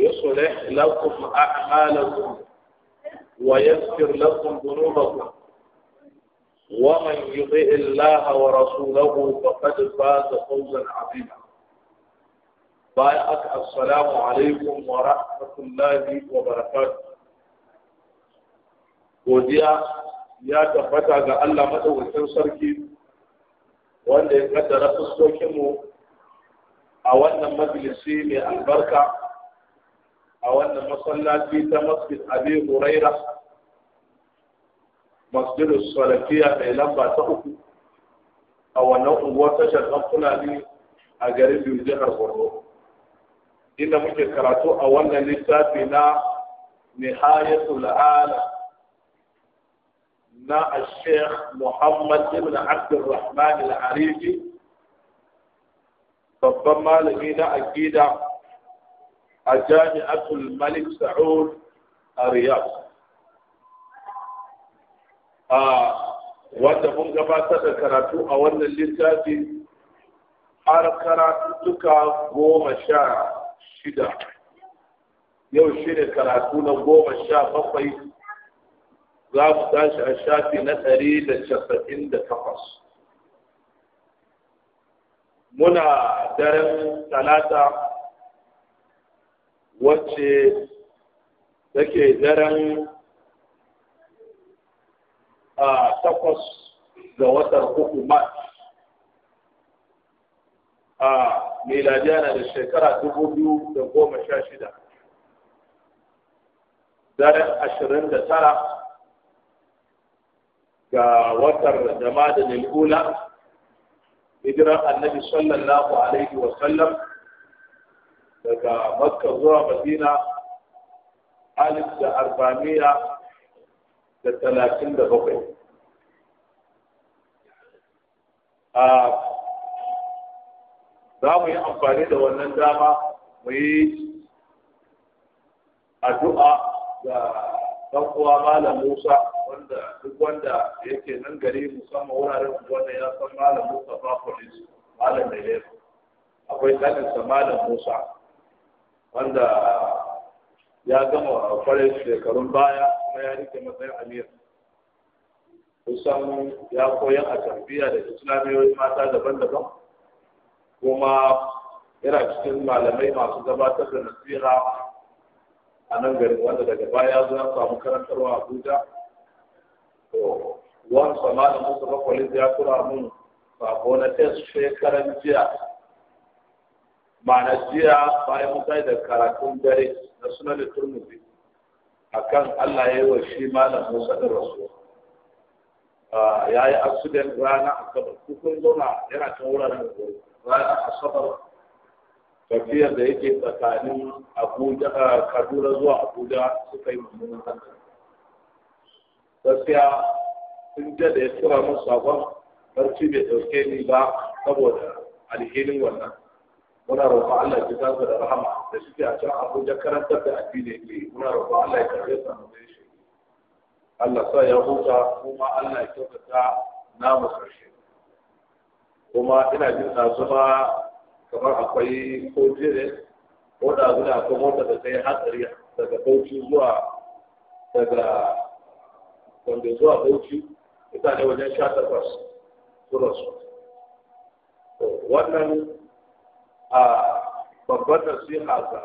يصلح لكم أعمالكم ويغفر لكم ذنوبكم ومن يطع الله ورسوله فقد فاز فوزا عظيما بارك السلام عليكم ورحمة الله وبركاته godiya ya tabbata ga Allah madaukakin sarki wanda ya kaddara fuskokinmu a wannan majalisi mai albarka a wannan masallaci ta masjid abi huraira masjidu salafiya mai lamba ta uku a wannan unguwar tashar ɗan fulani a garin biyu jihar borno inda muke karatu a wannan littafi na nihayatul alam na الشيخ محمد بن عبد الرحمن العريفي babban malami na akida الجامعة الملك سعود الرياض wanda mun gabatar da karatu a wannan littafi har karatu duka goma sha shida yau shi ne karatu na goma sha bakwai za mu tashi a shafi na ɗari da casa'in da takwas muna daren talata wacce take daren a takwas ga watan uku mars a miladiya na da shekara dubu biyu da goma sha shida daren ashirin da tara ga watar jama'a da lil'ula hijirar annabi sallallahu alaihi wasallam daga makka zuwa madina alif da arba'amiya da talatin da bakwai a za mu yi amfani da wannan dama mu yi addu'a ga dan uwa malam Musa wanda duk wanda yake nan gari musamman wuraren wanda ya san malam Musa ba police malam da akwai kanin sa malam Musa wanda ya gama fara shekarun baya kuma ya rike matsayin amir kusan ya koyan a tarbiyya da islamiyoyi mata daban-daban kuma yana cikin malamai masu gabatar da nasira. a nan gari wanda daga baya zo ya samu karantarwa abuja to wani samanin musu ya tura mun sako na tes shekaran jiya Manajiya jiya bayan da karatun dare na da turmuzi akan Allah ya yi wa shi malam Musa da Rasul ah, ya yi accident rana asabar kun zauna yana can wuraren rana asabar tafiyar da yake tsakanin abuja ah, kaduna zuwa abuja suka yi mummunan hankali gaskiya sun je da ya tura musu sabon barci bai ɗauke ni ba saboda alhinin wannan muna roƙon Allah ya tafi da rahama da suke a can Abuja karantar da addini ne muna roƙon Allah ya karbe sa mu shi Allah sa ya huta kuma Allah ya kyautata namu karshe kuma ina jin tsazu kamar akwai ko jere ko da guda ko mota da ta yi hatsari daga Bauchi zuwa daga wanda zuwa Bauchi ita ne wajen sha takwas su rasu wannan Aa, a babbar nasiha ga